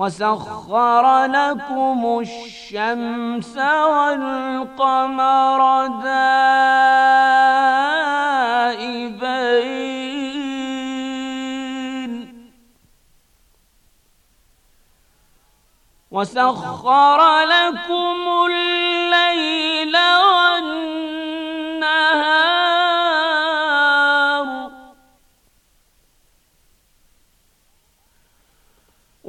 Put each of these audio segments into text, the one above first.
وسخر لكم الشمس والقمر دائبين وسخر لكم الليل والنهار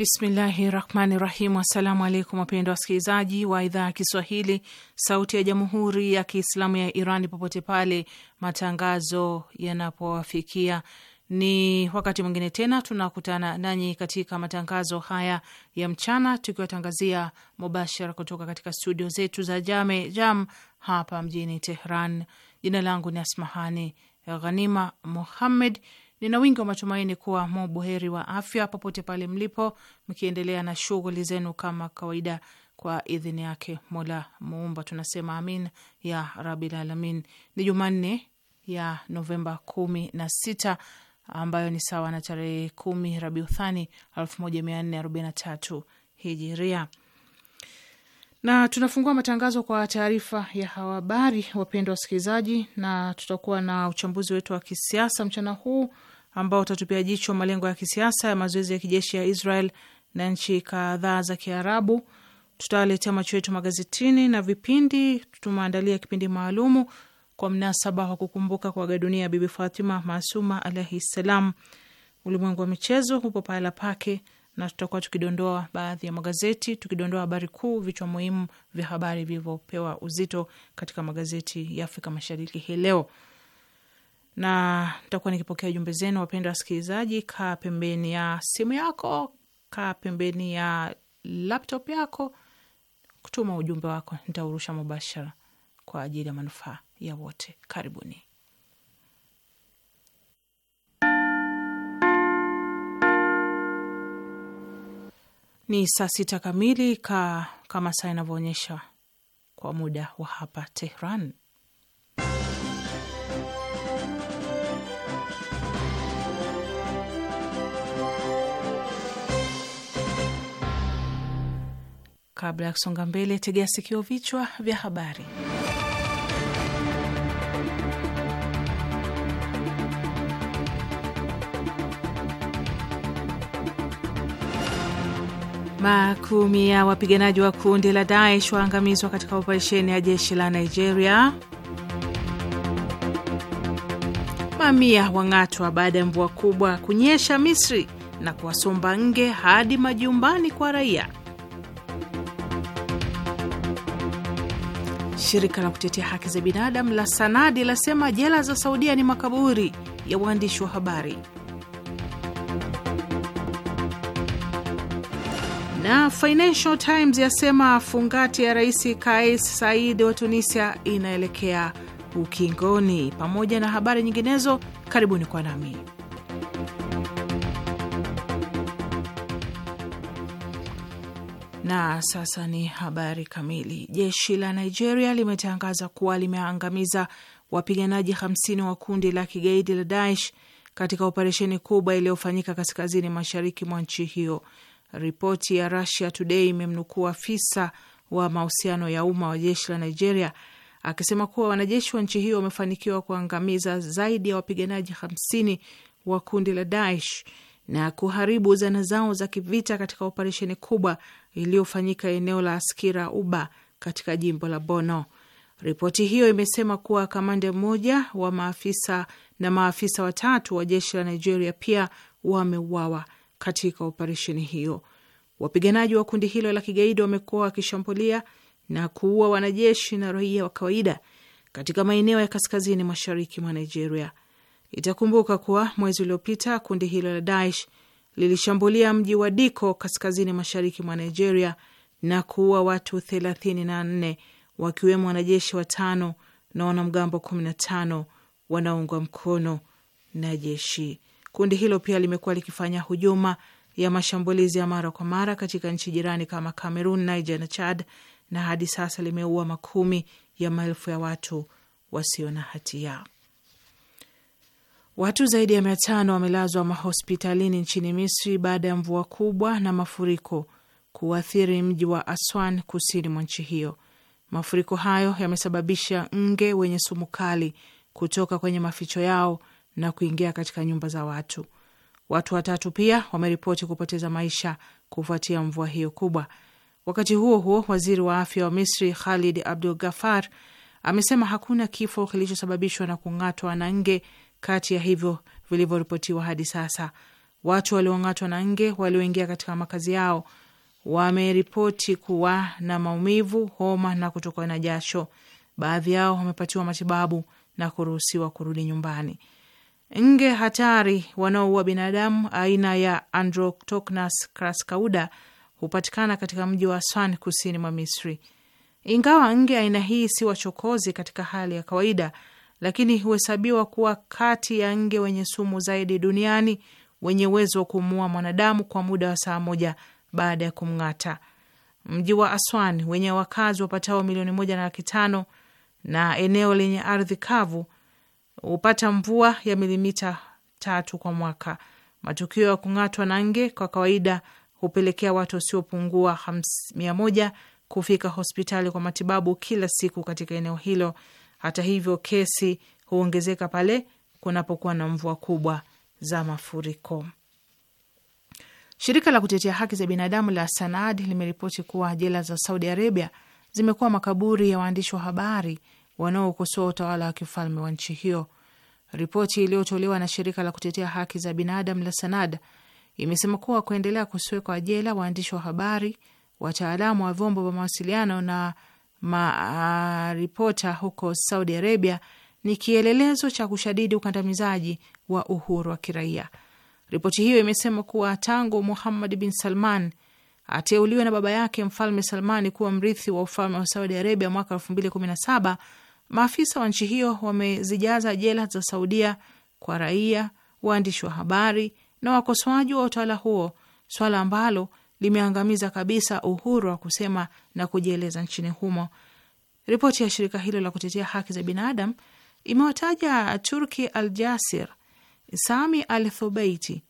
Bismillahi rahmani rahim. Assalamu alaikum wapendwa wasikilizaji wa idhaa ya Kiswahili sauti ya jamhuri ya Kiislamu ya Iran, popote pale matangazo yanapowafikia, ni wakati mwingine tena tunakutana nanyi katika matangazo haya ya mchana, tukiwatangazia mubashara kutoka katika studio zetu za Jame Jam hapa mjini Tehran. Jina langu ni Asmahani Ghanima Muhammed Nina wingi wa matumaini kuwa mubuheri wa afya popote pale mlipo, mkiendelea na shughuli zenu kama kawaida, kwa idhini yake Mola Muumba tunasema amin ya rabil alamin. Ni Jumanne ya Novemba kumi na sita ambayo ni sawa na tarehe kumi Rabiuthani elfu moja mia nne arobaini na tatu hijiria na tunafungua matangazo kwa taarifa ya habari, wapendwa wasikilizaji, na tutakuwa na uchambuzi wetu wa kisiasa mchana huu ambao utatupia jicho malengo ya kisiasa ya mazoezi ya kijeshi ya Israel na nchi kadhaa za Kiarabu. Tutawaletea macho yetu magazetini na vipindi. Tumeandalia kipindi maalumu kwa mnasaba wa kukumbuka kuaga dunia Bibi Fatima Masuma alaihi ssalam. Ulimwengu wa michezo hupo pahala pake, na tutakuwa tukidondoa baadhi ya magazeti, tukidondoa habari kuu, vichwa muhimu vya habari vilivyopewa uzito katika magazeti ya Afrika Mashariki hii leo na nitakuwa nikipokea jumbe zenu, wapendwa wasikilizaji. Kaa pembeni ya simu yako, kaa pembeni ya laptop yako, kutuma ujumbe wako, nitaurusha mubashara kwa ajili ya manufaa ya wote. Karibuni. Ni saa sita kamili ka, kama saa inavyoonyesha kwa muda wa hapa Tehran. Kabla ya kusonga mbele, tegea sikio vichwa vya habari. Makumi ya wapiganaji wa kundi la Daesh waangamizwa katika operesheni ya jeshi la Nigeria. Mamia wang'atwa baada ya mvua kubwa kunyesha Misri na kuwasomba nge hadi majumbani kwa raia. Shirika la kutetea haki za binadamu la Sanadi lasema jela za Saudia ni makaburi ya waandishi wa habari. Na Financial Times yasema fungati ya Rais Kais said wa Tunisia inaelekea ukingoni, pamoja na habari nyinginezo. Karibuni kwa nami. Na sasa ni habari kamili. Jeshi la Nigeria limetangaza kuwa limeangamiza wapiganaji hamsini wa kundi la kigaidi la Daesh katika operesheni kubwa iliyofanyika kaskazini mashariki mwa nchi hiyo. Ripoti ya Russia Today imemnukuu afisa wa mahusiano ya umma wa jeshi la Nigeria akisema kuwa wanajeshi wa nchi hiyo wamefanikiwa kuangamiza zaidi ya wapiganaji hamsini wa kundi la Daesh na kuharibu zana zao za kivita katika operesheni kubwa iliyofanyika eneo la Askira Uba katika jimbo la Bono. Ripoti hiyo imesema kuwa kamanda mmoja wa maafisa na maafisa watatu wa jeshi la Nigeria pia wameuawa katika operesheni hiyo. Wapiganaji wa kundi hilo la kigaidi wamekuwa wakishambulia na kuua wanajeshi na raia wa kawaida katika maeneo ya kaskazini mashariki mwa Nigeria. Itakumbuka kuwa mwezi uliopita kundi hilo la Daesh lilishambulia mji wa Diko kaskazini mashariki mwa Nigeria na kuua watu 34 wakiwemo wanajeshi watano na wanamgambo 15 wanaoungwa mkono na jeshi. Kundi hilo pia limekuwa likifanya hujuma ya mashambulizi ya mara kwa mara katika nchi jirani kama Cameroon, Niger na Chad, na hadi sasa limeua makumi ya maelfu ya watu wasio na hatia. Watu zaidi ya mia tano wamelazwa mahospitalini nchini Misri baada ya mvua kubwa na mafuriko kuathiri mji wa Aswan kusini mwa nchi hiyo. Mafuriko hayo yamesababisha nge wenye sumu kali kutoka kwenye maficho yao na kuingia katika nyumba za watu. Watu watatu pia wameripoti kupoteza maisha kufuatia mvua hiyo kubwa. Wakati huo huo, waziri wa afya wa Misri Khalid Abdul Gafar amesema hakuna kifo kilichosababishwa na kung'atwa na nge kati ya hivyo vilivyoripotiwa hadi sasa. Watu waliong'atwa na nge walioingia katika makazi yao wameripoti kuwa na maumivu, homa na kutokwa na jasho. Baadhi yao wamepatiwa matibabu na kuruhusiwa kurudi nyumbani. Nge hatari wanaoua binadamu aina ya Androctocnus crassicauda hupatikana katika mji wa Aswan kusini mwa Misri. Ingawa nge aina hii si wachokozi katika hali ya kawaida, lakini huhesabiwa kuwa kati ya nge wenye sumu zaidi duniani wenye uwezo wa kumuua mwanadamu kwa muda wa saa moja baada ya kumng'ata. Mji wa Aswan wenye wakazi wapatao milioni moja na laki tano na eneo lenye ardhi kavu hupata mvua ya milimita tatu kwa mwaka. Matukio ya kung'atwa na nge kwa kawaida hupelekea watu wasiopungua mia moja kufika hospitali kwa matibabu kila siku katika eneo hilo hata hivyo, kesi huongezeka pale kunapokuwa na mvua kubwa za mafuriko. Shirika la kutetea haki za binadamu la Sanad limeripoti kuwa jela za Saudi Arabia zimekuwa makaburi ya waandishi wa habari wanaokosoa utawala wa kifalme wa nchi hiyo. Ripoti iliyotolewa na shirika la kutetea haki za binadamu la Sanad imesema kuwa kuendelea kusiwekwa jela waandishi wa habari, wataalamu wa vyombo vya mawasiliano na maripota huko Saudi Arabia ni kielelezo cha kushadidi ukandamizaji wa uhuru wa kiraia. Ripoti hiyo imesema kuwa tangu Muhammad bin Salman ateuliwe na baba yake Mfalme Salmani kuwa mrithi wa ufalme wa Saudi Arabia mwaka elfu mbili kumi na saba, maafisa wa nchi hiyo wamezijaza jela za Saudia kwa raia, waandishi wa habari na wakosoaji wa utawala huo, swala ambalo limeangamiza kabisa uhuru wa kusema na kujieleza nchini humo. Ripoti ya shirika hilo la kutetea haki za binadamu imewataja Turki Al Jasir, Sami Al Thubeiti,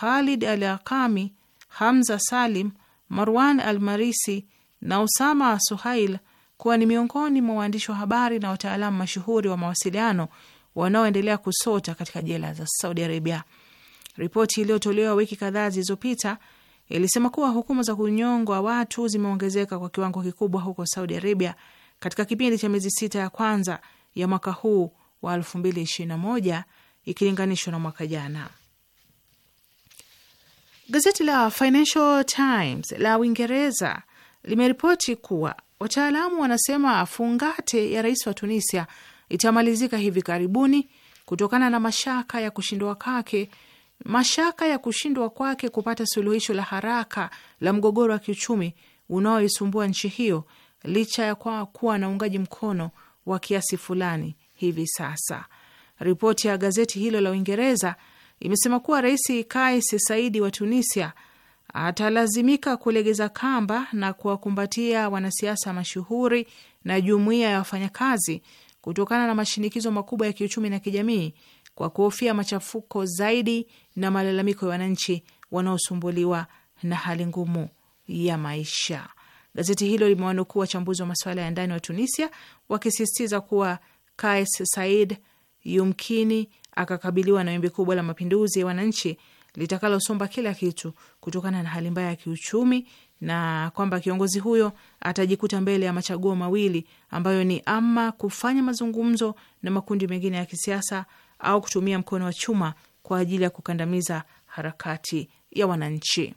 Khalid Al Aqami, Hamza Salim, Marwan Al Marisi na Usama Suhail kuwa ni miongoni mwa waandishi wa habari na wataalamu mashuhuri wa mawasiliano wanaoendelea kusota katika jela za Saudi Arabia. Ripoti iliyotolewa wiki kadhaa zilizopita ilisema kuwa hukumu za kunyongwa watu zimeongezeka kwa kiwango kikubwa huko Saudi Arabia katika kipindi cha miezi sita ya kwanza ya mwaka huu wa 2021 ikilinganishwa na mwaka jana. Gazeti la Financial Times la Uingereza limeripoti kuwa wataalamu wanasema fungate ya rais wa Tunisia itamalizika hivi karibuni kutokana na mashaka ya kushindwa kwake mashaka ya kushindwa kwake kupata suluhisho la haraka la mgogoro wa kiuchumi unaoisumbua nchi hiyo licha ya kwa kuwa na uungaji mkono wa kiasi fulani hivi sasa. Ripoti ya gazeti hilo la Uingereza imesema kuwa Rais Kais Saidi wa Tunisia atalazimika kulegeza kamba na kuwakumbatia wanasiasa mashuhuri na jumuiya ya wafanyakazi kutokana na mashinikizo makubwa ya kiuchumi na kijamii kwa kuhofia machafuko zaidi na malalamiko ya wananchi wanaosumbuliwa na hali ngumu ya maisha. Gazeti hilo limewanukuu wachambuzi wa masuala ya ndani wa Tunisia wakisisitiza kuwa Kais Said yumkini akakabiliwa na wimbi kubwa la mapinduzi ya wananchi litakalosomba kila kitu kutokana na hali mbaya ya kiuchumi na kwamba kiongozi huyo atajikuta mbele ya machaguo mawili ambayo ni ama kufanya mazungumzo na makundi mengine ya kisiasa au kutumia mkono wa chuma kwa ajili ya kukandamiza harakati ya wananchi.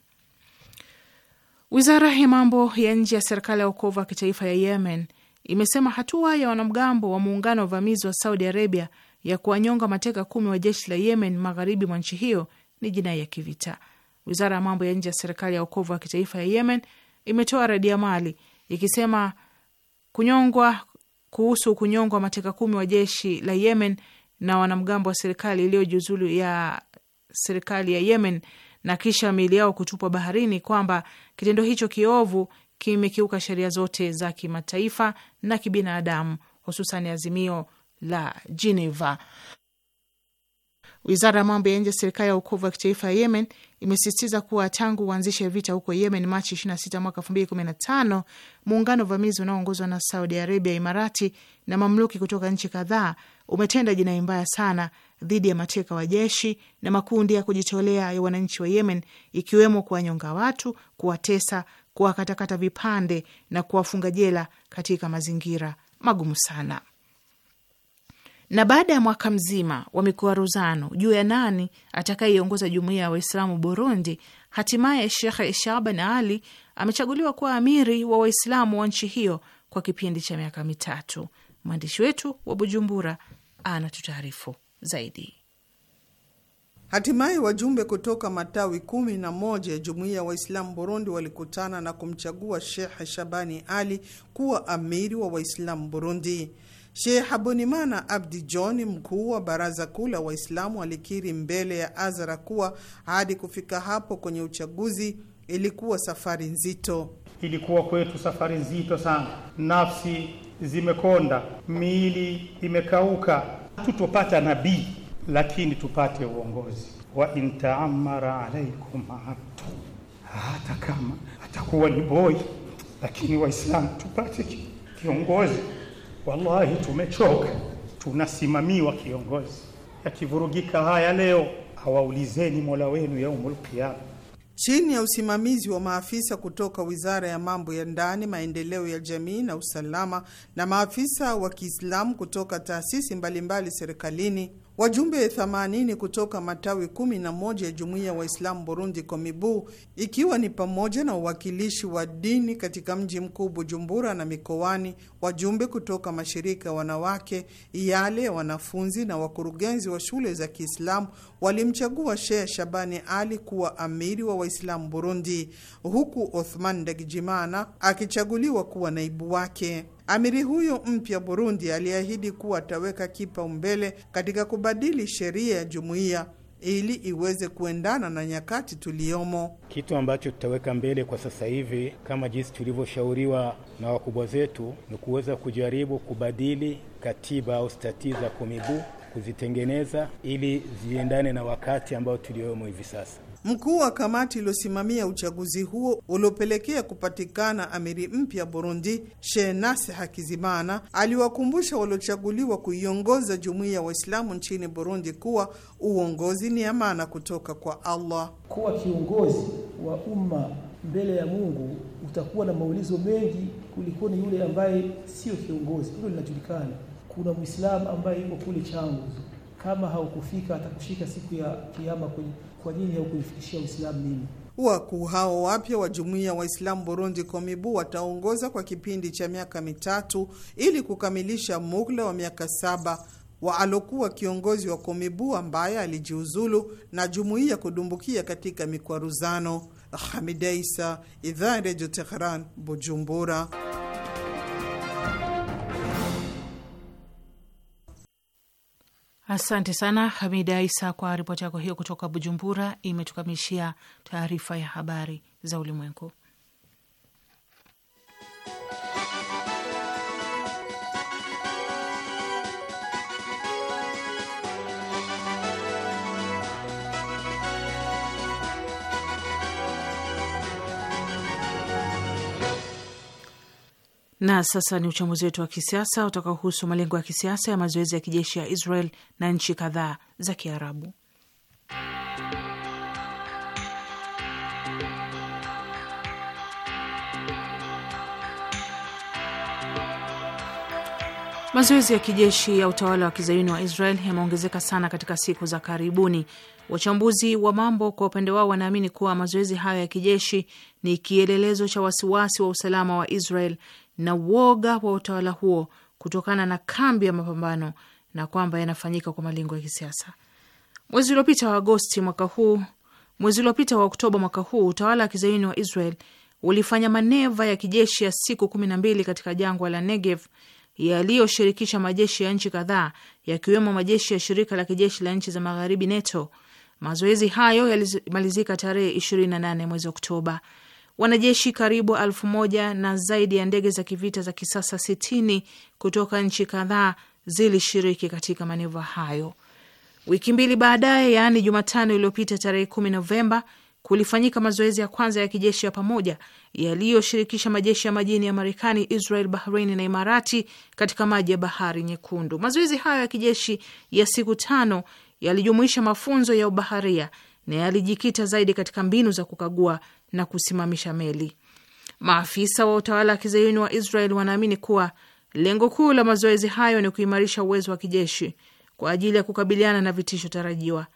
Wizara ya mambo ya nje ya serikali ya ukovu wa kitaifa ya Yemen imesema hatua ya wanamgambo wa muungano wa uvamizi wa Saudi Arabia ya kuwanyonga mateka kumi wa jeshi la Yemen magharibi mwa nchi hiyo ni jinai ya kivita. Wizara ya mambo ya nje ya serikali ya ukovu wa kitaifa ya Yemen imetoa radi ya mali ikisema kunyongwa kuhusu kunyongwa mateka kumi wa jeshi la Yemen na wanamgambo wa serikali iliyojiuzulu ya serikali ya Yemen na kisha miili yao kutupwa baharini, kwamba kitendo hicho kiovu kimekiuka sheria zote za kimataifa na kibinadamu, hususan azimio la Geneva. Wizara ya mambo ya nje serikali ya ukovu wa kitaifa ya Yemen imesisitiza kuwa tangu uanzishe vita huko Yemen Machi 26 mwaka 2015, muungano vamizi unaoongozwa na Saudi Arabia, Imarati na mamluki kutoka nchi kadhaa umetenda jinai mbaya sana dhidi ya mateka wa jeshi na makundi ya kujitolea ya wananchi wa Yemen, ikiwemo kuwanyonga watu, kuwatesa, kuwakatakata vipande na kuwafunga jela katika mazingira magumu sana. Na baada ya mwaka mzima wa mikuaruzano juu ya nani atakayeiongoza jumuiya ya Waislamu Burundi, hatimaye Shekhe Shaban Ali amechaguliwa kuwa amiri wa Waislamu wa nchi hiyo kwa kipindi cha miaka mitatu. Mwandishi wetu wa Bujumbura anatutaarifu zaidi. Hatimaye wajumbe kutoka matawi kumi na moja ya jumuiya ya Waislamu Burundi walikutana na kumchagua Sheikh Shabani Ali kuwa amiri wa Waislamu Burundi. Sheikh Habonimana Abdi John, mkuu wa baraza kuu la Waislamu, alikiri mbele ya azara kuwa hadi kufika hapo kwenye uchaguzi ilikuwa safari nzito. Ilikuwa kwetu safari nzito sana, nafsi zimekonda, miili imekauka, hatutopata nabii, lakini tupate uongozi. wa intaamara alaikum abdu, hata kama atakuwa ni boi, lakini Waislamu tupate kiongozi. Wallahi tumechoka, tunasimamiwa kiongozi. Yakivurugika haya leo, awaulizeni mola wenu yaumul qiyama chini ya usimamizi wa maafisa kutoka Wizara ya Mambo ya Ndani, Maendeleo ya Jamii na Usalama na maafisa wa Kiislamu kutoka taasisi mbalimbali serikalini Wajumbe 80 kutoka matawi 11 ya jumuiya ya Waislamu Burundi Komibu, ikiwa ni pamoja na uwakilishi wa dini katika mji mkuu Bujumbura na mikoani, wajumbe kutoka mashirika ya wanawake, yale ya wanafunzi na wakurugenzi wa shule za Kiislamu walimchagua Sheikh Shabani Ali kuwa amiri wa Waislamu Burundi, huku Othman Dagijimana akichaguliwa kuwa naibu wake. Amiri huyo mpya Burundi aliahidi kuwa ataweka kipaumbele katika kubadili sheria ya jumuiya ili iweze kuendana na nyakati tuliyomo. Kitu ambacho tutaweka mbele kwa sasa hivi, kama jinsi tulivyoshauriwa na wakubwa zetu, ni kuweza kujaribu kubadili katiba au stati za Komibu, kuzitengeneza ili ziendane na wakati ambao tuliyomo hivi sasa. Mkuu wa kamati iliyosimamia uchaguzi huo uliopelekea kupatikana amiri mpya Burundi, Shenase Hakizimana, aliwakumbusha waliochaguliwa kuiongoza jumuiya ya Waislamu nchini Burundi kuwa uongozi ni amana kutoka kwa Allah. Kuwa kiongozi wa umma mbele ya Mungu utakuwa na maulizo mengi kuliko ni yule ambaye sio kiongozi. Hilo linajulikana. Kuna Mwislamu ambaye yuko kule changu, kama haukufika atakushika siku ya Kiyama kwenye kwa ajili ya kuifikishia Uislamu nini. Wakuu hao wapya wa jumuiya Waislamu Burundi Komibu wataongoza kwa kipindi cha miaka mitatu ili kukamilisha muhula wa miaka saba wa alokuwa kiongozi wa Komibu ambaye alijiuzulu na jumuiya kudumbukia katika mikwaruzano. Hamida Isa, idhaa ya Redio Tehran, Bujumbura. Asante sana Hamida Isa kwa ripoti yako hiyo kutoka Bujumbura. Imetukamilishia taarifa ya habari za ulimwengu. Na sasa ni uchambuzi wetu wa kisiasa utakaohusu malengo ya kisiasa ya mazoezi ya kijeshi ya Israel na nchi kadhaa za Kiarabu. Mazoezi ya kijeshi ya utawala wa kizayuni wa Israel yameongezeka sana katika siku za karibuni. Wachambuzi wa mambo kwa upande wao wanaamini kuwa mazoezi hayo ya kijeshi ni kielelezo cha wasiwasi wa usalama wa Israel na uoga wa utawala huo kutokana na kambi ya mapambano na kwamba yanafanyika kwa malengo ya kisiasa. Mwezi uliopita wa Agosti mwaka huu, mwezi uliopita wa Oktoba mwaka huu, utawala wa kizaini wa Israel ulifanya maneva ya kijeshi ya siku kumi na mbili katika jangwa la Negev yaliyoshirikisha majeshi ya nchi kadhaa yakiwemo majeshi ya shirika la kijeshi la nchi za magharibi NATO. Mazoezi hayo yalimalizika tarehe nane mwezi Oktoba wanajeshi karibu elfu moja na zaidi ya ndege za kivita za kisasa sitini kutoka nchi kadhaa zilishiriki katika maneva hayo. Wiki mbili baadaye, yaani Jumatano iliyopita tarehe kumi Novemba, kulifanyika mazoezi ya kwanza ya kijeshi ya pamoja yaliyoshirikisha majeshi ya majini ya Marekani, Israel, Bahrain na Imarati katika maji ya Bahari Nyekundu. Mazoezi hayo ya kijeshi ya siku tano yalijumuisha mafunzo ya ubaharia na yalijikita zaidi katika mbinu za kukagua na kusimamisha meli. Maafisa wa utawala wa kizayuni wa Israel wanaamini kuwa lengo kuu la mazoezi hayo ni kuimarisha uwezo wa kijeshi kwa ajili ya kukabiliana na vitisho tarajiwa.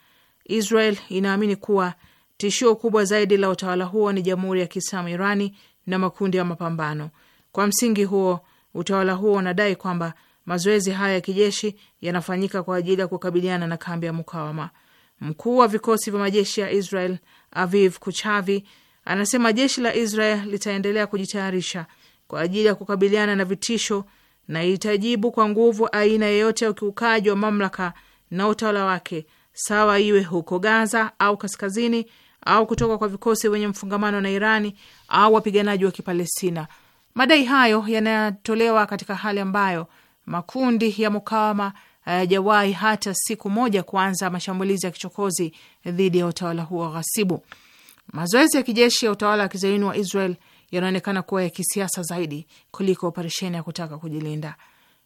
Israel inaamini kuwa tishio kubwa zaidi la utawala huo ni jamhuri ya Kiislamu Irani na makundi ya mapambano. Kwa msingi huo, utawala huo unadai kwamba mazoezi haya ya kijeshi yanafanyika kwa ajili ya kukabiliana na kambi ya mukawama. Mkuu wa vikosi vya majeshi ya Israel Aviv Kuchavi Anasema jeshi la Israel litaendelea kujitayarisha kwa ajili ya kukabiliana na vitisho na itajibu kwa nguvu aina yeyote ya ukiukaji wa mamlaka na utawala wake, sawa iwe huko Gaza au kaskazini au kutoka kwa vikosi wenye mfungamano na Irani au wapiganaji wa Kipalestina. Madai hayo yanatolewa katika hali ambayo makundi ya mukawama hayajawahi hata siku moja kuanza mashambulizi ya kichokozi dhidi ya utawala huo ghasibu. Mazoezi ya kijeshi ya utawala wa kizayuni wa Israel yanaonekana kuwa ya kisiasa zaidi kuliko operesheni ya kutaka kujilinda.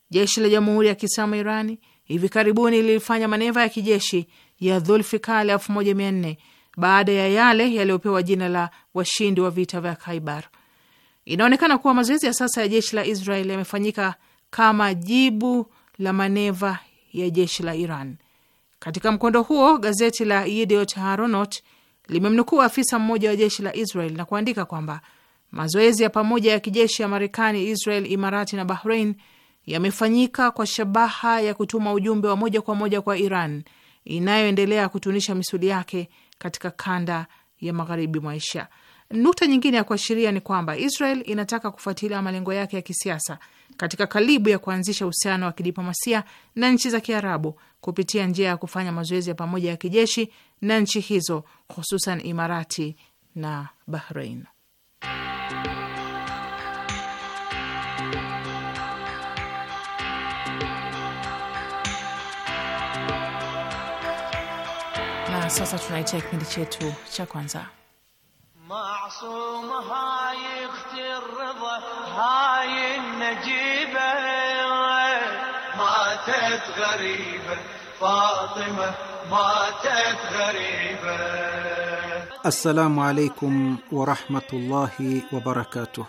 Jeshi la Jamhuri ya Kiislamu Irani hivi karibuni lilifanya maneva ya kijeshi ya dhulfikali 1400 baada ya yale yaliyopewa jina la washindi wa vita vya Khaibar. Inaonekana kuwa mazoezi ya sasa ya jeshi la Israel yamefanyika kama jibu la maneva ya jeshi la Iran. Katika mkondo huo, gazeti la Yediot Haronot limemnukuu afisa mmoja wa jeshi la Israel na kuandika kwamba mazoezi ya pamoja ya kijeshi ya Marekani, Israel, Imarati na Bahrain yamefanyika kwa shabaha ya kutuma ujumbe wa moja kwa moja kwa Iran inayoendelea kutunisha misuli yake katika kanda ya magharibi mwa Asia. Nukta nyingine ya kuashiria ni kwamba Israel inataka kufuatilia malengo yake ya kisiasa katika kalibu ya kuanzisha uhusiano wa kidiplomasia na nchi za Kiarabu kupitia njia ya kufanya mazoezi ya pamoja ya kijeshi na nchi hizo hususan Imarati na Bahrain. Na sasa tunaitia kipindi chetu cha kwanza Assalamu alaikum warahmatullahi wabarakatuh.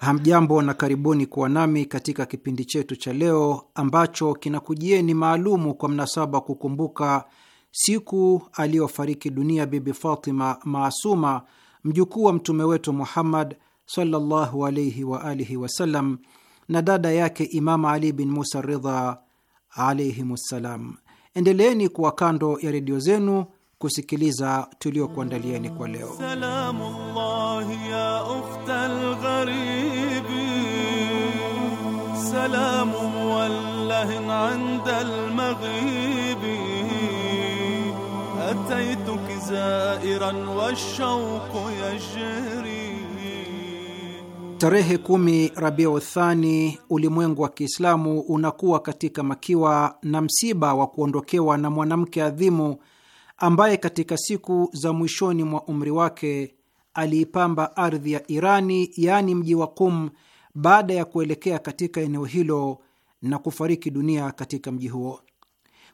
Hamjambo na karibuni kuwa nami katika kipindi chetu cha leo ambacho kinakujieni maalumu kwa mnasaba kukumbuka siku aliyofariki dunia Bibi Fatima Maasuma, mjukuu wa mtume wetu Muhammad sallallahu alaihi wa alihi wasallam na dada yake Imama Ali bin Musa Ridha alaihimssalam. Endeleeni kuwa kando ya redio zenu kusikiliza tuliokuandalieni kwa leo. Ataituki ya ukhtal gharibi, zairan washauqu yajri Tarehe kumi Rabiu Thani, ulimwengu wa Kiislamu unakuwa katika makiwa na msiba wa kuondokewa na mwanamke adhimu ambaye katika siku za mwishoni mwa umri wake aliipamba ardhi ya Irani, yaani mji wa Qum, baada ya kuelekea katika eneo hilo na kufariki dunia katika mji huo.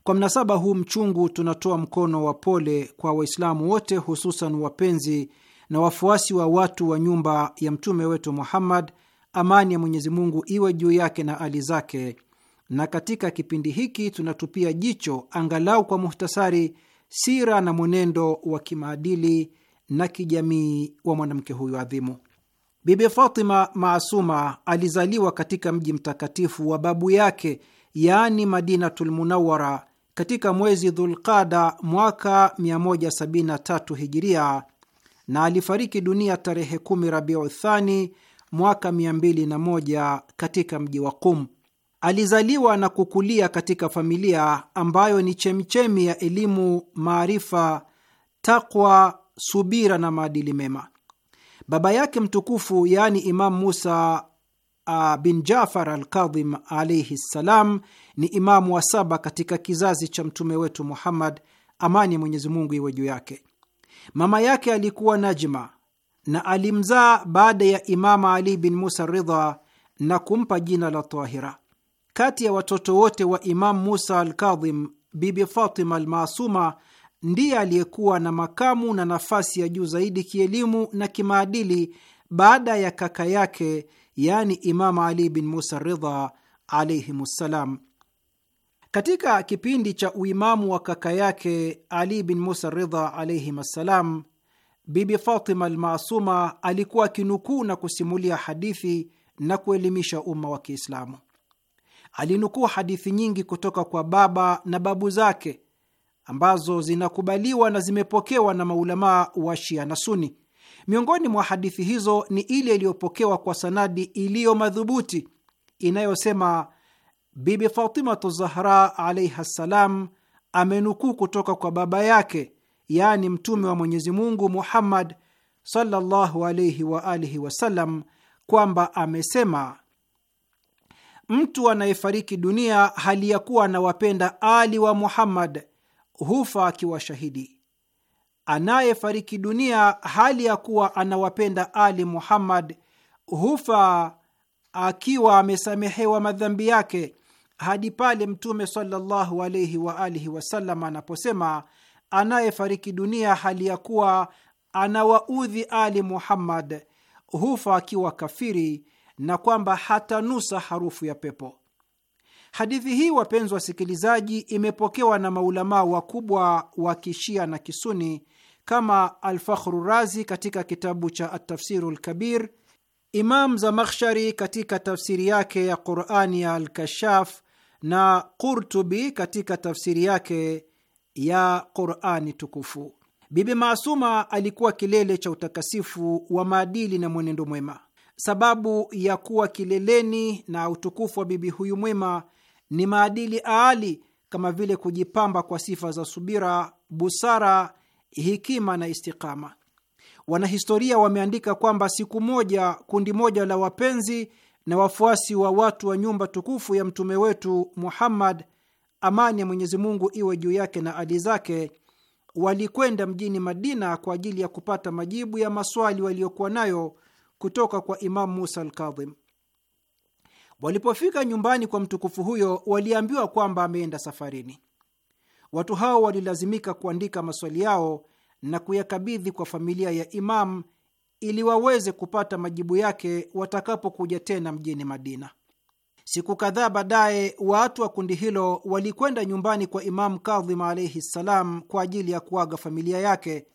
Kwa mnasaba huu mchungu, tunatoa mkono wa pole kwa Waislamu wote, hususan wapenzi na wafuasi wa watu wa nyumba ya mtume wetu Muhammad, amani ya Mwenyezi Mungu iwe juu yake na ali zake. Na katika kipindi hiki tunatupia jicho angalau kwa muhtasari sira na mwenendo wa kimaadili na kijamii wa mwanamke huyu adhimu. Bibi Fatima Maasuma alizaliwa katika mji mtakatifu wa babu yake, yaani Madinatul Munawara, katika mwezi Dhulqada mwaka 173 hijiria na alifariki dunia tarehe kumi Rabiu Thani mwaka 201 katika mji wa Qum. Alizaliwa na kukulia katika familia ambayo ni chemchemi ya elimu, maarifa, takwa, subira na maadili mema. Baba yake mtukufu yaani Imamu Musa ah, bin Jafar al Kadhim alaihi ssalam ni imamu wa saba katika kizazi cha mtume wetu Muhammad, amani ya Mwenyezi Mungu iwe juu yake. Mama yake alikuwa Najma na alimzaa baada ya Imama Ali bin Musa Ridha na kumpa jina la Tahira. Kati ya watoto wote wa Imamu Musa Alkadhim, Bibi Fatima Almasuma ndiye aliyekuwa na makamu na nafasi ya juu zaidi kielimu na kimaadili baada ya kaka yake, yaani Imama Ali bin Musa Ridha ssalam katika kipindi cha uimamu wa kaka yake Ali bin Musa Ridha alaihim assalam, Bibi Fatima Almasuma alikuwa akinukuu na kusimulia hadithi na kuelimisha umma wa Kiislamu. Alinukuu hadithi nyingi kutoka kwa baba na babu zake ambazo zinakubaliwa na zimepokewa na maulamaa wa Shia na Suni. Miongoni mwa hadithi hizo ni ile iliyopokewa kwa sanadi iliyo madhubuti inayosema Bibi Fatimatu Zahra alaiha ssalam amenukuu kutoka kwa baba yake, yaani Mtume wa Mwenyezi Mungu Muhammad sallallahu alaihi wa alihi wasallam kwamba amesema, mtu anayefariki dunia hali ya kuwa anawapenda Ali wa Muhammad hufa akiwa shahidi. Anayefariki dunia hali ya kuwa anawapenda Ali Muhammad hufa akiwa amesamehewa madhambi yake hadi pale Mtume sallallahu alaihi wasallam anaposema, anayefariki dunia hali ya kuwa anawaudhi Ali Muhammad hufa akiwa kafiri na kwamba hatanusa harufu ya pepo. Hadithi hii, wapenzi wasikilizaji, imepokewa na maulamaa wakubwa wa kishia na kisuni kama Alfakhru Razi katika kitabu cha Atafsiru Lkabir, Imam Zamakhshari katika tafsiri yake ya Qurani ya Alkashaf na Qurtubi katika tafsiri yake ya Qurani Tukufu. Bibi Maasuma alikuwa kilele cha utakasifu wa maadili na mwenendo mwema. Sababu ya kuwa kileleni na utukufu wa bibi huyu mwema ni maadili aali kama vile kujipamba kwa sifa za subira, busara, hikima na istikama. Wanahistoria wameandika kwamba siku moja kundi moja la wapenzi na wafuasi wa watu wa nyumba tukufu ya mtume wetu Muhammad, amani ya Mwenyezi Mungu iwe juu yake na ali zake, walikwenda mjini Madina kwa ajili ya kupata majibu ya maswali waliyokuwa nayo kutoka kwa Imamu Musa Alkadhim. Walipofika nyumbani kwa mtukufu huyo, waliambiwa kwamba ameenda safarini. Watu hao walilazimika kuandika maswali yao na kuyakabidhi kwa familia ya Imam ili waweze kupata majibu yake watakapokuja tena mjini Madina. Siku kadhaa baadaye, watu wa kundi hilo walikwenda nyumbani kwa Imamu Kadhim alaihi ssalam kwa ajili ya kuaga familia yake,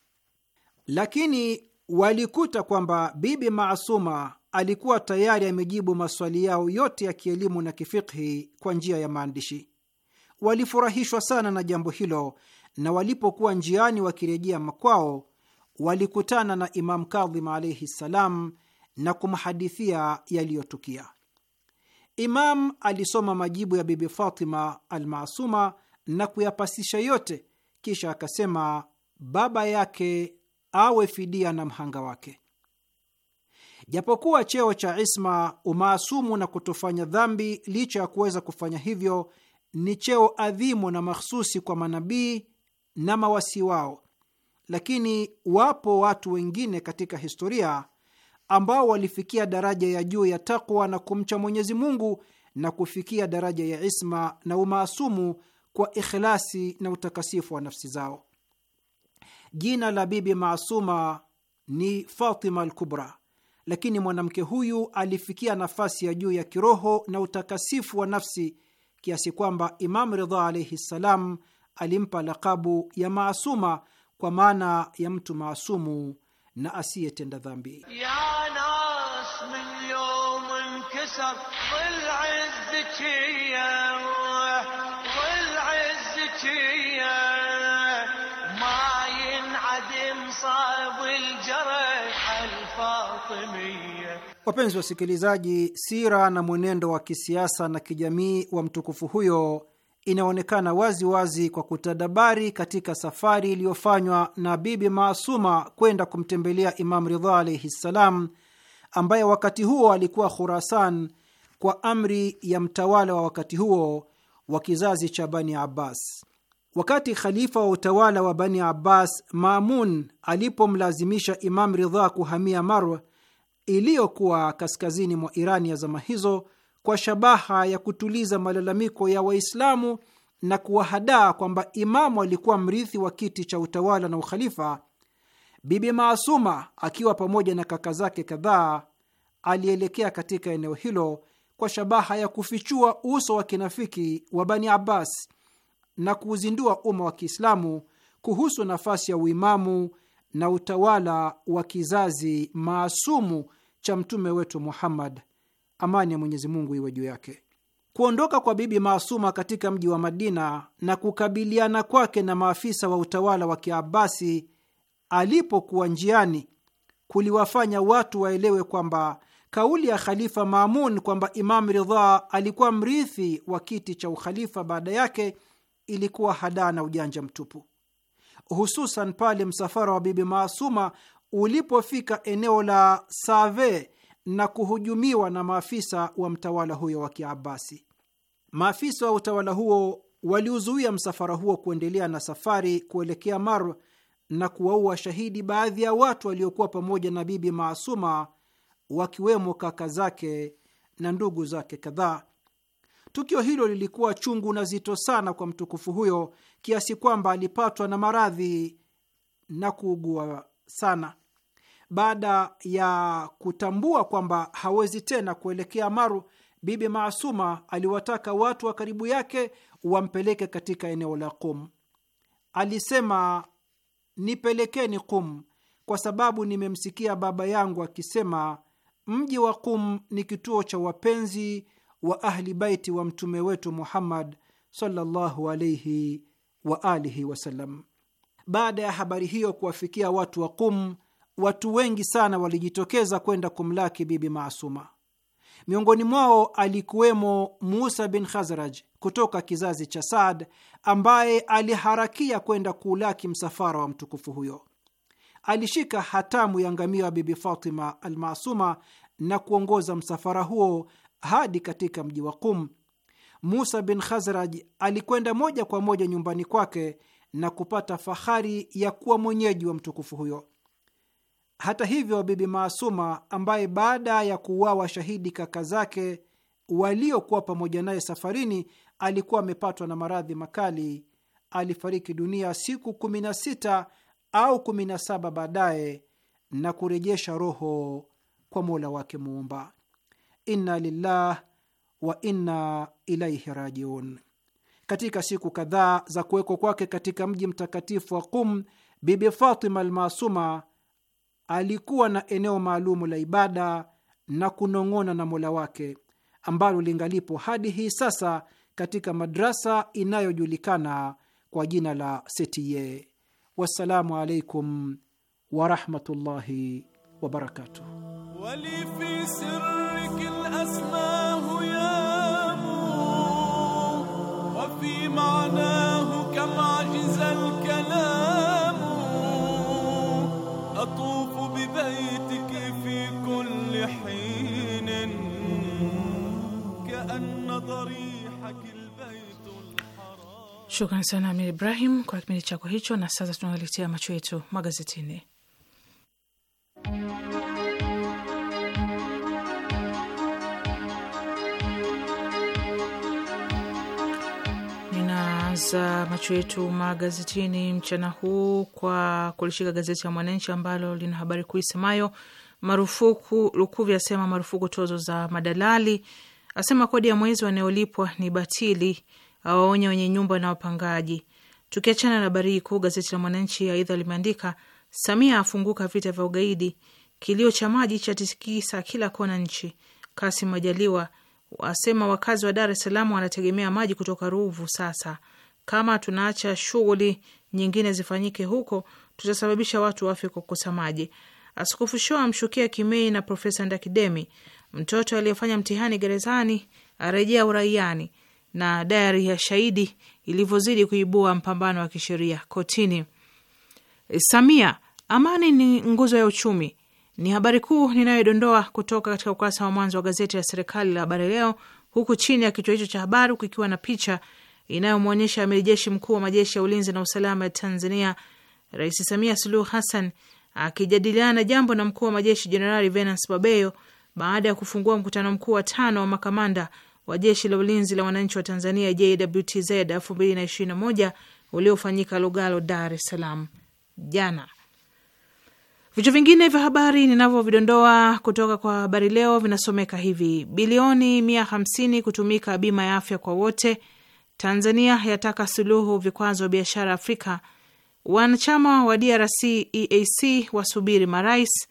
lakini walikuta kwamba Bibi Maasuma alikuwa tayari amejibu maswali yao yote ya kielimu na kifikhi kwa njia ya maandishi. Walifurahishwa sana na jambo hilo, na walipokuwa njiani wakirejea makwao walikutana na Imam Kadhim alaihi ssalam na kumhadithia yaliyotukia. Imam alisoma majibu ya Bibi Fatima Almasuma na kuyapasisha yote, kisha akasema baba yake awe fidia na mhanga wake. Japokuwa cheo cha isma, umaasumu na kutofanya dhambi, licha ya kuweza kufanya hivyo, ni cheo adhimu na makhususi kwa manabii na mawasi wao lakini wapo watu wengine katika historia ambao walifikia daraja ya juu ya takwa na kumcha Mwenyezi Mungu na kufikia daraja ya isma na umaasumu kwa ikhlasi na utakasifu wa nafsi zao. Jina la Bibi Maasuma ni Fatima al lakini mwanamke huyu alifikia nafasi ya juu ya kiroho na utakasifu wa nafsi kiasi kwamba Imam Ridha alaihi ssalam alimpa lakabu ya Maasuma kwa maana ya mtu maasumu na asiyetenda dhambi. Wapenzi wasikilizaji, sira na mwenendo wa kisiasa na kijamii wa mtukufu huyo inaonekana wazi wazi kwa kutadabari katika safari iliyofanywa na Bibi Maasuma kwenda kumtembelea Imam Ridha alaihi ssalam, ambaye wakati huo alikuwa Khurasan kwa amri ya mtawala wa wakati huo wa kizazi cha Bani Abbas. Wakati khalifa wa utawala wa Bani Abbas Mamun alipomlazimisha Imam Ridha kuhamia marwa iliyokuwa kaskazini mwa Irani ya zama hizo kwa shabaha ya kutuliza malalamiko ya Waislamu na kuwahadaa kwamba imamu alikuwa mrithi wa kiti cha utawala na ukhalifa, Bibi Maasuma akiwa pamoja na kaka zake kadhaa alielekea katika eneo hilo kwa shabaha ya kufichua uso wa kinafiki wa Bani Abbas na kuuzindua umma wa Kiislamu kuhusu nafasi ya uimamu na utawala wa kizazi maasumu cha mtume wetu Muhammad amani ya Mwenyezi Mungu iwe juu yake. Kuondoka kwa Bibi Maasuma katika mji wa Madina na kukabiliana kwake na maafisa wa utawala wa Kiabasi alipokuwa njiani kuliwafanya watu waelewe kwamba kauli ya Khalifa Maamun kwamba Imam Ridha alikuwa mrithi wa kiti cha ukhalifa baada yake ilikuwa hadaa na ujanja mtupu, hususan pale msafara wa Bibi Maasuma ulipofika eneo la Save na kuhujumiwa na maafisa wa mtawala huyo wa Kiabasi. Maafisa wa utawala huo waliuzuia msafara huo kuendelea na safari kuelekea Mar na kuwaua shahidi baadhi ya watu waliokuwa pamoja na Bibi Maasuma, wakiwemo kaka zake na ndugu zake kadhaa. Tukio hilo lilikuwa chungu na zito sana kwa mtukufu huyo kiasi kwamba alipatwa na maradhi na kuugua sana. Baada ya kutambua kwamba hawezi tena kuelekea Maru, Bibi Maasuma aliwataka watu wa karibu yake wampeleke katika eneo la Qum. Alisema, nipelekeni Qum kwa sababu nimemsikia baba yangu akisema mji wa Qum ni kituo cha wapenzi wa Ahli Baiti wa mtume wetu Muhammad sallallahu alaihi wa alihi wasallam. Baada ya habari hiyo kuwafikia watu wa Qum, watu wengi sana walijitokeza kwenda kumlaki Bibi Maasuma. Miongoni mwao alikuwemo Musa bin Khazraj kutoka kizazi cha Saad ambaye aliharakia kwenda kuulaki msafara wa mtukufu huyo. Alishika hatamu ya ngamia wa Bibi Fatima masuma na kuongoza msafara huo hadi katika mji wa Qum. Musa bin Khazraj alikwenda moja kwa moja nyumbani kwake na kupata fahari ya kuwa mwenyeji wa mtukufu huyo. Hata hivyo, Bibi Maasuma ambaye baada ya kuuawa shahidi kaka zake waliokuwa pamoja naye safarini alikuwa amepatwa na maradhi makali, alifariki dunia siku kumi na sita au kumi na saba baadaye na kurejesha roho kwa Mola wake Muumba. Inna lillah wa inna ilaihi rajiun. Katika siku kadhaa za kuwekwa kwake katika mji mtakatifu wa Qum, Bibi Fatima Almasuma alikuwa na eneo maalumu la ibada na kunong'ona na Mola wake ambalo lingalipo hadi hii sasa katika madrasa inayojulikana kwa jina la Setiye. Wassalamu alaikum warahmatullahi wabarakatuh. بيتك في كل حين كأن ضريحك البيت الحرام. Shukrani sana Amir Ibrahim kwa kipindi chako hicho, na sasa tunawaletea macho yetu magazetini. tunaanza uh, macho yetu magazetini mchana huu kwa kulishika gazeti ya Mwananchi ambalo lina habari kuu isemayo marufuku. Lukuvi asema marufuku tozo za madalali, asema kodi ya mwezi wanayolipwa ni batili, awaonya wenye nyumba na wapangaji. Tukiachana na habari hii kuu, gazeti la Mwananchi aidha limeandika Samia afunguka vita vya ugaidi, kilio cha maji cha tikisa kila kona nchi. Kasim Majaliwa asema wakazi wa Dar es Salaam wanategemea maji kutoka Ruvu sasa. Kama tunaacha shughuli nyingine zifanyike huko, tutasababisha watu wafe kwa kukosa maji. Askofu Shoa amshukia Kimei na Profesa Ndakidemi. Mtoto aliyefanya mtihani gerezani arejea uraiani, na dayari ya shahidi ilivyozidi kuibua mpambano wa kisheria kotini. Samia, amani ni nguzo ya uchumi ni habari kuu ninayodondoa kutoka katika ukurasa wa mwanzo wa gazeti la serikali la Habari Leo, huku chini ya kichwa hicho cha habari kukiwa na picha inayomwonyesha amiri jeshi mkuu wa majeshi ya ulinzi na usalama ya Tanzania Rais Samia Suluhu Hassan akijadiliana jambo na mkuu wa majeshi Jenerali Venance Babeyo baada ya kufungua mkutano mkuu wa tano wa makamanda wa jeshi la ulinzi la wananchi wa Tanzania JWTZ 2021 uliofanyika Lugalo, Dar es Salaam jana. Vichwa vingine vya habari ninavyovidondoa kutoka kwa Habari Leo vinasomeka hivi: bilioni 150 kutumika bima ya afya kwa wote Tanzania yataka suluhu vikwazo biashara Afrika. Wanachama wa DRC EAC wasubiri marais.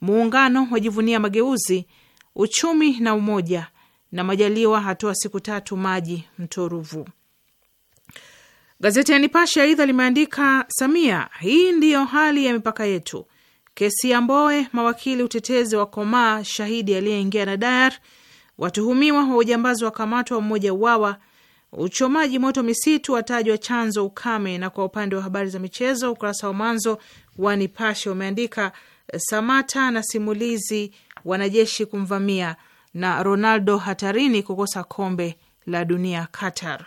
Muungano wajivunia mageuzi, uchumi na umoja, na Majaliwa hatoa siku tatu maji Mtoruvu. Gazeti ya Nipashe aidha limeandika Samia, hii ndiyo hali ya mipaka yetu. Kesi ya mboe mawakili utetezi wa komaa shahidi aliyeingia na Dayar, watuhumiwa wa ujambazi wa kamatwa, mmoja uwawa Uchomaji moto misitu watajwa chanzo ukame. Na kwa upande wa habari za michezo, ukurasa wa mwanzo wa Nipashe umeandika eh, Samata na simulizi wanajeshi kumvamia na Ronaldo hatarini kukosa kombe la dunia Qatar.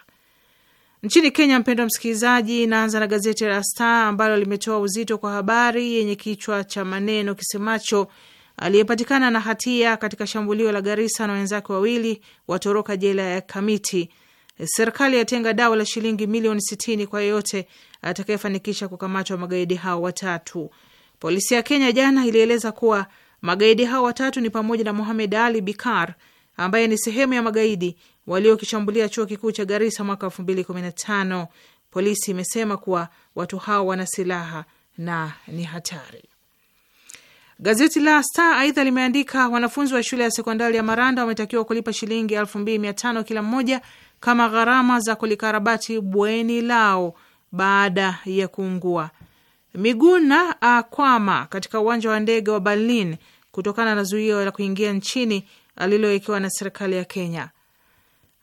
Nchini Kenya, mpendwa msikilizaji, naanza na gazeti la Star ambalo limetoa uzito kwa habari yenye kichwa cha maneno kisemacho aliyepatikana na hatia katika shambulio la Garissa na wenzake wawili watoroka jela ya Kamiti Serikali yatenga dawa la shilingi milioni sitini kwa yeyote atakayefanikisha kukamatwa magaidi hao watatu. Polisi ya Kenya jana ilieleza kuwa magaidi hao watatu ni pamoja na Mohamed Ali Bikar ambaye ni sehemu ya magaidi waliokishambulia chuo kikuu cha Garissa mwaka tano. Polisi imesema kuwa watu hao wana silaha na ni hatari. Gazeti la Star aidha limeandika wanafunzi wa shule ya sekondari ya Maranda wametakiwa kulipa shilingi tano kila mmoja kama gharama za kulikarabati bweni lao baada ya kuungua. Miguna akwama katika uwanja wa ndege wa Berlin kutokana na zuio la kuingia nchini alilowekewa na serikali ya Kenya.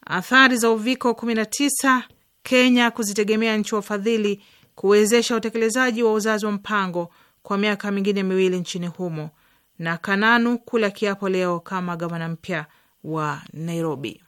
Athari za uviko 19, Kenya kuzitegemea nchi wafadhili kuwezesha utekelezaji wa uzazi wa mpango kwa miaka mingine miwili nchini humo, na Kananu kula kiapo leo kama gavana mpya wa Nairobi.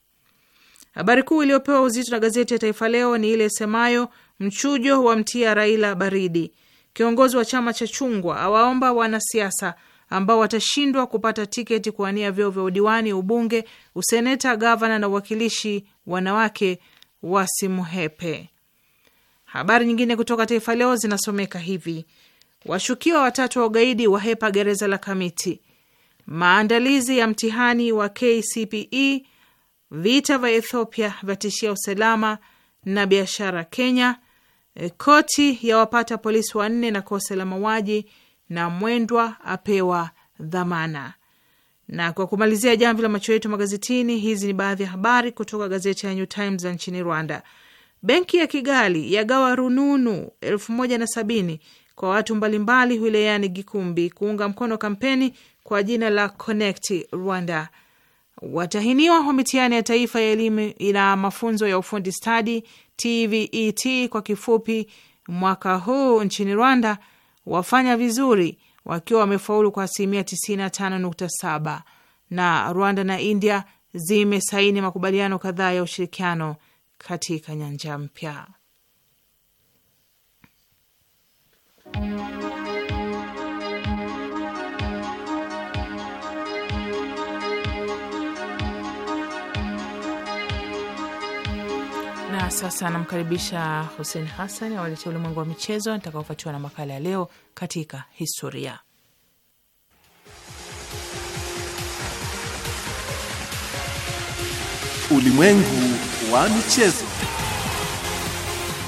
Habari kuu iliyopewa uzito na gazeti ya Taifa Leo ni ile semayo mchujo wa mtia Raila baridi. Kiongozi wa chama cha chungwa awaomba wanasiasa ambao watashindwa kupata tiketi kuwania vyeo vya udiwani, ubunge, useneta, gavana na uwakilishi wanawake wasimhepe. Habari nyingine kutoka Taifa Leo zinasomeka hivi: washukiwa watatu wa ugaidi wahepa gereza la Kamiti, maandalizi ya mtihani wa KCPE vita vya Ethiopia vyatishia usalama na biashara Kenya, e, koti ya wapata polisi wanne na kosa la mauaji, na mwendwa apewa dhamana. Na kwa kumalizia jamvi la macho yetu magazetini, hizi ni baadhi ya habari kutoka gazeti ya New Times nchini Rwanda. Benki ya Kigali yagawa rununu elfu moja na sabini kwa watu mbalimbali wilayani Gikumbi kuunga mkono kampeni kwa jina la Connect Rwanda watahiniwa wa mitihani ya taifa ya elimu na mafunzo ya ufundi stadi TVET e kwa kifupi, mwaka huu nchini Rwanda wafanya vizuri wakiwa wamefaulu kwa asilimia 95.7 na Rwanda na India zimesaini makubaliano kadhaa ya ushirikiano katika nyanja mpya. sasa anamkaribisha Hussein Hassan awaletea ulimwengu wa michezo nitakaofuatiwa na makala ya leo katika historia. Ulimwengu wa michezo.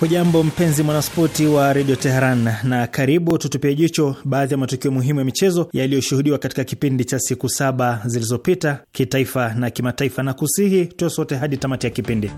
Hujambo mpenzi mwanaspoti wa redio Teheran na karibu, tutupie jicho baadhi ya matukio muhimu ya michezo yaliyoshuhudiwa katika kipindi cha siku saba zilizopita kitaifa na kimataifa, na kusihi tuwe sote hadi tamati ya kipindi.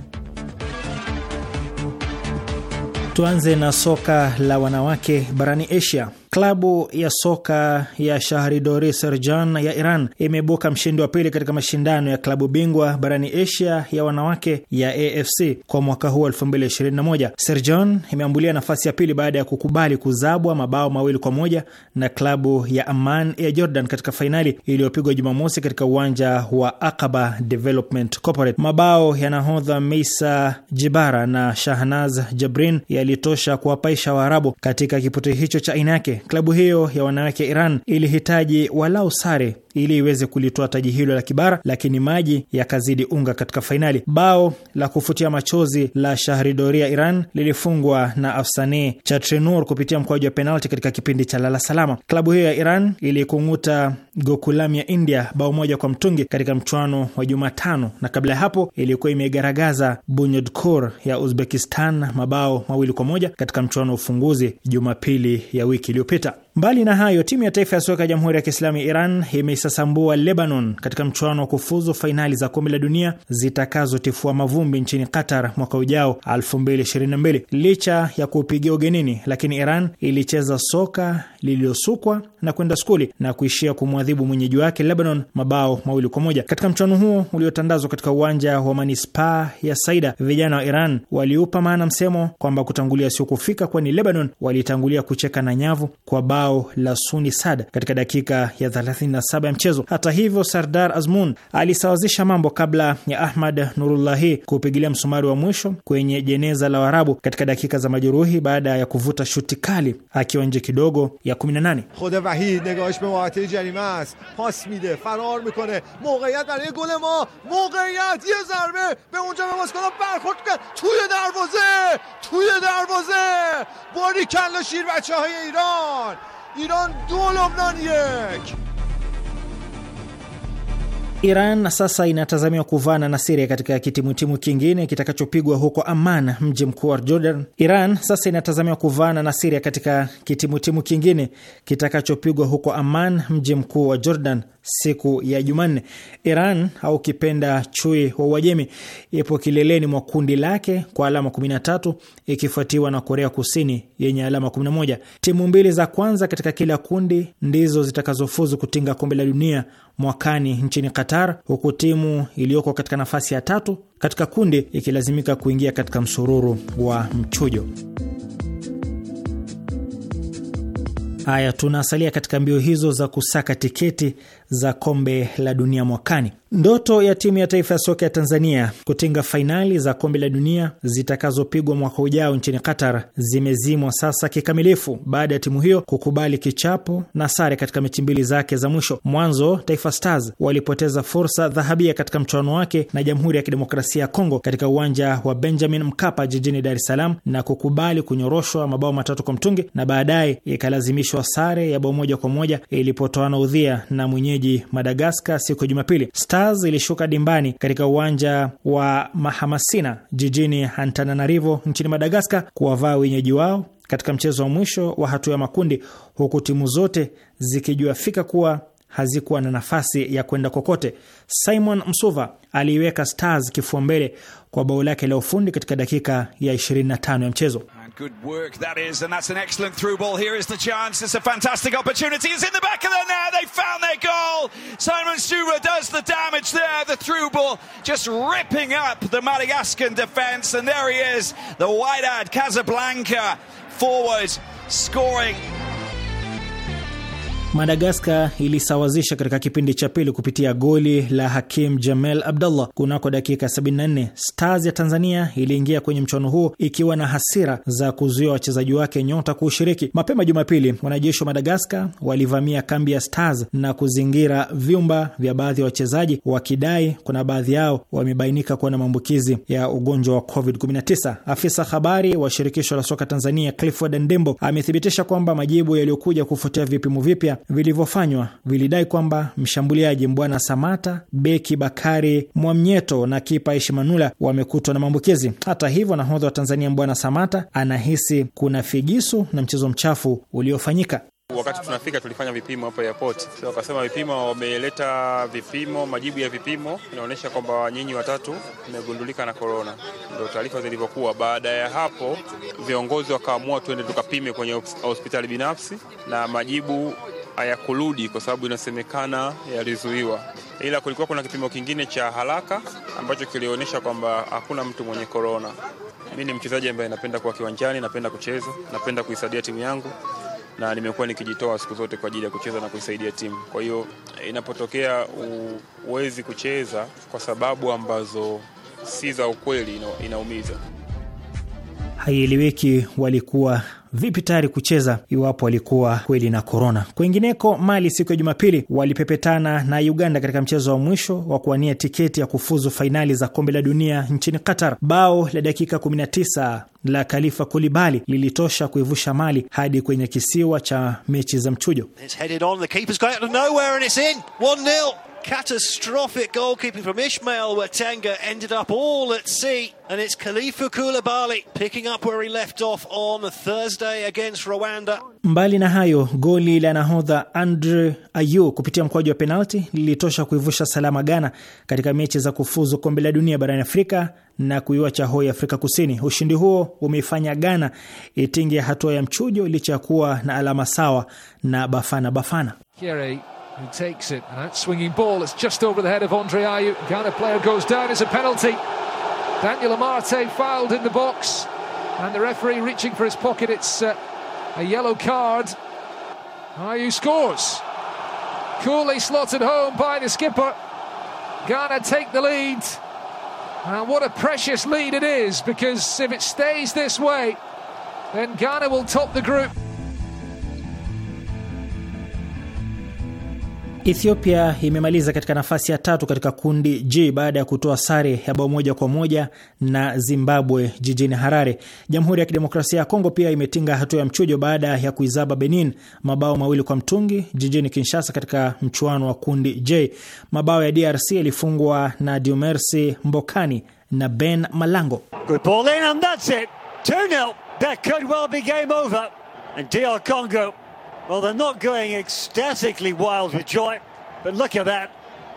Tuanze na soka la wanawake barani Asia. Klabu ya soka ya Shahridori Serjan ya Iran imeibuka mshindi wa pili katika mashindano ya klabu bingwa barani Asia ya wanawake ya AFC kwa mwaka huu 2021. Serjan imeambulia nafasi ya pili baada ya kukubali kuzabwa mabao mawili kwa moja na klabu ya Amman ya Jordan katika fainali iliyopigwa Jumamosi katika uwanja wa Aqaba Development Corporate. Mabao ya nahodha Meisa Jibara na Shahnaz Jabrin yalitosha kuwapaisha Waarabu katika kipute hicho cha aina yake. Klabu hiyo ya wanawake ya Iran ilihitaji walau sare ili iweze kulitoa taji hilo la kibara, lakini maji yakazidi unga katika fainali. Bao la kufutia machozi la Shahridoria Iran lilifungwa na afsani Chatrenur kupitia mkoaji wa penalti katika kipindi cha lala salama. Klabu hiyo ya Iran ilikung'uta Gokulam ya India bao moja kwa mtungi katika mchuano wa Jumatano, na kabla ya hapo ilikuwa imegaragaza Bunyodkor ya Uzbekistan mabao mawili kwa moja katika mchuano wa ufunguzi Jumapili ya wiki iliyopita. uliopita. Mbali na hayo, timu ya taifa ya soka ya Jamhuri ya Kiislamu ya Iran imeisasambua Lebanon katika mchuano wa kufuzu fainali za kombe la dunia zitakazotifua mavumbi nchini Qatar mwaka ujao 2022. Licha ya kuupigia ugenini, lakini Iran ilicheza soka lililosukwa na kwenda skuli na kuishia kumwadhibu mwenyeji wake Lebanon mabao mawili kwa moja. Katika mchuano huo uliotandazwa katika uwanja wa manispaa ya Saida, vijana wa Iran waliupa maana msemo kwamba kutangulia sio kufika, kwani Lebanon walitangulia kucheka na nyavu kwa bao lao la Suni Sad katika dakika ya 37 ya mchezo. Hata hivyo, Sardar Azmun alisawazisha mambo kabla ya Ahmad Nurullahi kuupigilia msumari wa mwisho kwenye jeneza la Waarabu katika dakika za majeruhi baada ya kuvuta shuti kali akiwa nje kidogo ya 18. Khoda Wahid negash be muatili jarima ast pas mide farar mikone moqeiyat baraye gol ma moqeiyat ye zarbe be unja namazkona barkhord kad tuye darvoze tuye darvoze barikalla shirbachahay Iran ایران دو لبنان یک Iran sasa inatazamiwa kuvana na Siria katika kitimutimu kingine kitakachopigwa huko Amman, mji mkuu wa Jordan. Iran sasa inatazamiwa kuvana na Siria katika kitimutimu kingine kitakachopigwa huko Amman, mji mkuu wa Jordan, siku ya Jumanne. Iran au kipenda chui wa Uajemi ipo kileleni mwa kundi lake kwa alama 13 ikifuatiwa na Korea Kusini yenye alama 11. Timu mbili za kwanza katika kila kundi ndizo zitakazofuzu kutinga kombe la dunia mwakani nchini Qatar, huku timu iliyoko katika nafasi ya tatu katika kundi ikilazimika kuingia katika msururu wa mchujo. Haya, tunasalia katika mbio hizo za kusaka tiketi za kombe la dunia mwakani. Ndoto ya timu ya taifa ya soka ya Tanzania kutinga fainali za kombe la dunia zitakazopigwa mwaka ujao nchini Qatar zimezimwa sasa kikamilifu baada ya timu hiyo kukubali kichapo na sare katika mechi mbili zake za mwisho. Mwanzo Taifa Stars walipoteza fursa dhahabia katika mchuano wake na Jamhuri ya Kidemokrasia ya Kongo katika uwanja wa Benjamin Mkapa jijini Dar es Salaam na kukubali kunyoroshwa mabao matatu kwa mtungi na baadaye ikalazimishwa sare ya bao moja kwa moja ilipotoana udhia na mwenyeji mwenyeji Madagaskar siku ya Jumapili. Stars ilishuka dimbani katika uwanja wa Mahamasina jijini Antananarivo nchini Madagaskar kuwavaa wenyeji wao katika mchezo wa mwisho wa hatua ya makundi, huku timu zote zikijua fika kuwa hazikuwa na nafasi ya kwenda kokote. Simon Msuva aliiweka Stars kifua mbele kwa bao lake la ufundi katika dakika ya 25 ya mchezo. good work that is, and that's an excellent through ball. Here is the chance. It's a fantastic opportunity. It's in the back of the net. They found their goal. Simon Sura does the damage there. The through ball just ripping up the Madagascan defence, and there he is, the wide ad Casablanca forward scoring Madagaskar ilisawazisha katika kipindi cha pili kupitia goli la Hakim Jamel abdullah kunako dakika 74. Stars ya Tanzania iliingia kwenye mchuano huo ikiwa na hasira za kuzuia wachezaji wake nyota kuushiriki. Mapema Jumapili, wanajeshi wa Madagaskar walivamia kambi ya Stars na kuzingira vyumba vya baadhi ya wachezaji wakidai kuna baadhi yao wamebainika kuwa na maambukizi ya ugonjwa wa COVID-19. Afisa habari wa shirikisho la soka Tanzania Clifford Ndembo amethibitisha kwamba majibu yaliyokuja kufuatia vipimo vipya vilivyofanywa vilidai kwamba mshambuliaji Mbwana Samata, beki Bakari Mwamnyeto na kipa ishimanula wamekutwa na maambukizi. Hata hivyo, nahodha wa Tanzania Mbwana Samata anahisi kuna figisu na mchezo mchafu uliofanyika. Wakati tunafika tulifanya vipimo hapo airport, so wakasema vipimo, wameleta vipimo, majibu ya vipimo inaonyesha kwamba nyinyi watatu mmegundulika na korona. Ndio taarifa zilivyokuwa. Baada ya hapo, viongozi wakaamua tuende tukapime kwenye hospitali binafsi, na majibu hayakurudi kwa sababu inasemekana yalizuiwa, ila kulikuwa kuna kipimo kingine cha haraka ambacho kilionyesha kwamba hakuna mtu mwenye korona. Mi ni mchezaji ambaye napenda kuwa kiwanjani, napenda kucheza, napenda kuisaidia timu yangu na nimekuwa nikijitoa siku zote kwa ajili ya kucheza na kuisaidia timu. Kwa hiyo inapotokea huwezi kucheza kwa sababu ambazo si za ukweli, inaumiza. Haieleweki walikuwa vipi tayari kucheza iwapo alikuwa kweli na korona. Kwingineko, Mali siku ya Jumapili walipepetana na Uganda katika mchezo wa mwisho wa kuwania tiketi ya kufuzu fainali za kombe la dunia nchini Qatar. Bao la dakika 19 la Khalifa Kulibali lilitosha kuivusha Mali hadi kwenye kisiwa cha mechi za mchujo. Catastrophic goalkeeping from Ishmael Watenga ended up all at sea. And it's Khalifa Koulibaly picking up where he left off on Thursday against Rwanda. Mbali na hayo, goli la nahodha Andre Ayu kupitia mkwaju wa penalti lilitosha kuivusha salama Ghana katika mechi za kufuzu kombe la dunia barani Afrika na kuiwacha hoi Afrika Kusini. Ushindi huo umeifanya Ghana itinge hatua ya mchujo licha ya kuwa na alama sawa na Bafana Bafana. Kere. who takes it. And that swinging ball, it's just over the head of Andre Ayew. Ghana player goes down, it's a penalty. Daniel Amarte fouled in the box. And the referee reaching for his pocket, it's uh, a yellow card. Ayew scores. Coolly slotted home by the skipper. Ghana take the lead. And what a precious lead it is because if it stays this way, then Ghana will top the group. Ethiopia imemaliza katika nafasi ya tatu katika kundi J baada ya kutoa sare ya bao moja kwa moja na Zimbabwe jijini Harare. Jamhuri ya Kidemokrasia ya Kongo pia imetinga hatua ya mchujo baada ya kuizaba Benin mabao mawili kwa mtungi jijini Kinshasa katika mchuano wa kundi J. Mabao ya DRC yalifungwa na diomersi Mbokani na Ben Malango. Good Congo Well, they're not going ecstatically wild with joy, but look at that.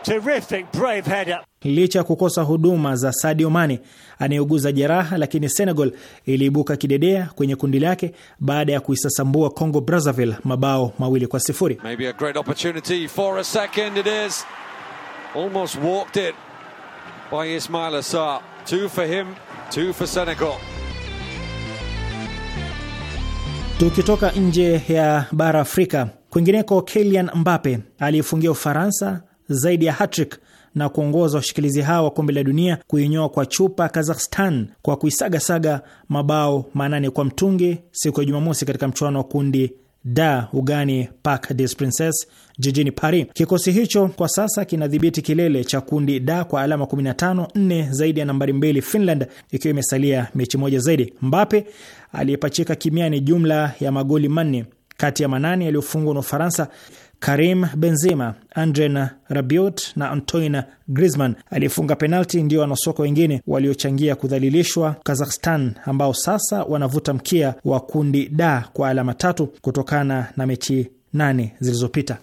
Terrific brave header. Licha ya kukosa huduma za Sadio Mane anayeuguza jeraha, lakini Senegal iliibuka kidedea kwenye kundi lake baada ya kuisasambua Congo Brazzaville mabao mawili kwa sifuri. Maybe a great opportunity for a second it is. Almost walked it by Ismail Assar. Two for him, two for Senegal. Tukitoka nje ya bara Afrika, kwingineko, Kylian Mbappe aliyefungia Ufaransa zaidi ya hatrick na kuongoza washikilizi hao wa kombe la dunia kuinyoa kwa chupa Kazakhstan kwa kuisagasaga mabao manane kwa mtungi siku ya Jumamosi katika mchuano wa kundi da ugani Parc des Princes jijini Paris. Kikosi hicho kwa sasa kinadhibiti kilele cha kundi da kwa alama 15, nne zaidi ya nambari mbili Finland, ikiwa imesalia mechi moja zaidi. Mbape aliyepachika kimiani jumla ya magoli manne kati ya manane yaliyofungwa na Ufaransa Karim Benzema, Andre Rabiot na Antoine Griezmann aliyefunga penalti ndio wanasoka wengine waliochangia kudhalilishwa Kazakhstan, ambao sasa wanavuta mkia wa kundi da kwa alama tatu kutokana na mechi nane zilizopita.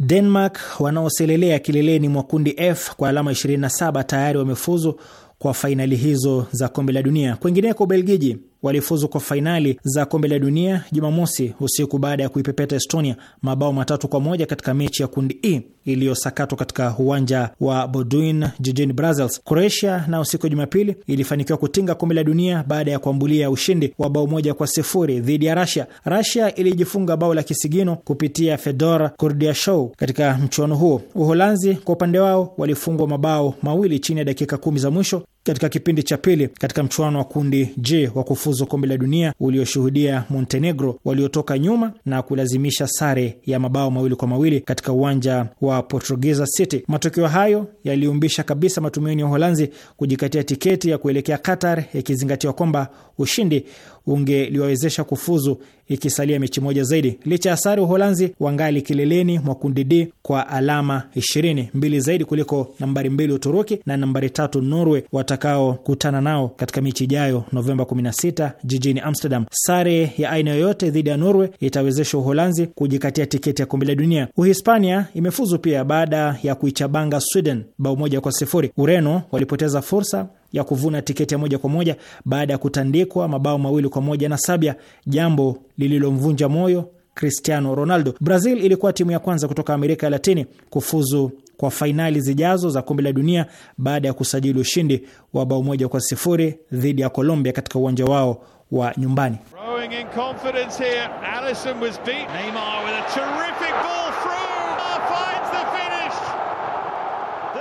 Denmark wanaoselelea kileleni mwa kundi F kwa alama 27 tayari wamefuzu kwa fainali hizo za kombe la dunia. Kwingineko, Ubelgiji walifuzu kwa fainali za kombe la dunia Jumamosi usiku baada ya kuipepeta Estonia mabao matatu kwa moja katika mechi ya kundi E iliyosakatwa katika uwanja wa bodwin jijini Brussels. Croatia na usiku wa Jumapili ilifanikiwa kutinga kombe la dunia baada ya kuambulia ushindi wa bao moja kwa sifuri dhidi ya Rasia. Rasia ilijifunga bao la kisigino kupitia Fedor Kurdiashow katika mchuano huo. Uholanzi kwa upande wao walifungwa mabao mawili chini ya dakika kumi za mwisho katika kipindi cha pili katika mchuano wa kundi J wa kufuzu kombe la dunia ulioshuhudia Montenegro waliotoka nyuma na kulazimisha sare ya mabao mawili kwa mawili katika uwanja wa Portuguesa City. Matokeo hayo yaliumbisha kabisa matumaini ya Uholanzi kujikatia tiketi ya kuelekea Qatar, yakizingatiwa kwamba ushindi ungeliwawezesha kufuzu ikisalia mechi moja zaidi. Licha ya sare, Uholanzi wangali kileleni mwa kundi D kwa alama 20, mbili zaidi kuliko nambari mbili Uturuki na nambari tatu Norway watakaokutana nao katika mechi ijayo Novemba 16 jijini Amsterdam. Sare ya aina yoyote dhidi ya Norway itawezesha Uholanzi kujikatia tiketi ya kombe la dunia. Uhispania imefuzu pia baada ya kuichabanga Sweden bao moja kwa sifuri. Ureno walipoteza fursa ya kuvuna tiketi ya moja kwa moja baada ya kutandikwa mabao mawili kwa moja na Sabia, jambo lililomvunja moyo Cristiano Ronaldo. Brazil ilikuwa timu ya kwanza kutoka Amerika ya Latini kufuzu kwa fainali zijazo za kombe la dunia baada ya kusajili ushindi wa bao moja kwa sifuri dhidi ya Colombia katika uwanja wao wa nyumbani.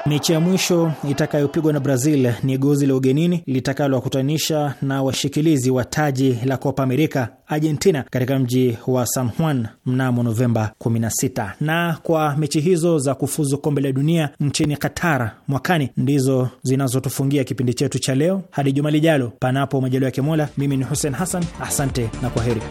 Mechi ya mwisho itakayopigwa na Brazil ni gozi la ugenini litakalowakutanisha na washikilizi wa taji la Copa America, Argentina, katika mji wa San Juan mnamo Novemba 16. Na kwa mechi hizo za kufuzu kombe la dunia nchini Qatar mwakani ndizo zinazotufungia kipindi chetu cha leo hadi juma lijalo, panapo majaliwa ya Mola. Mimi ni Hussein Hassan, asante na kwa heri.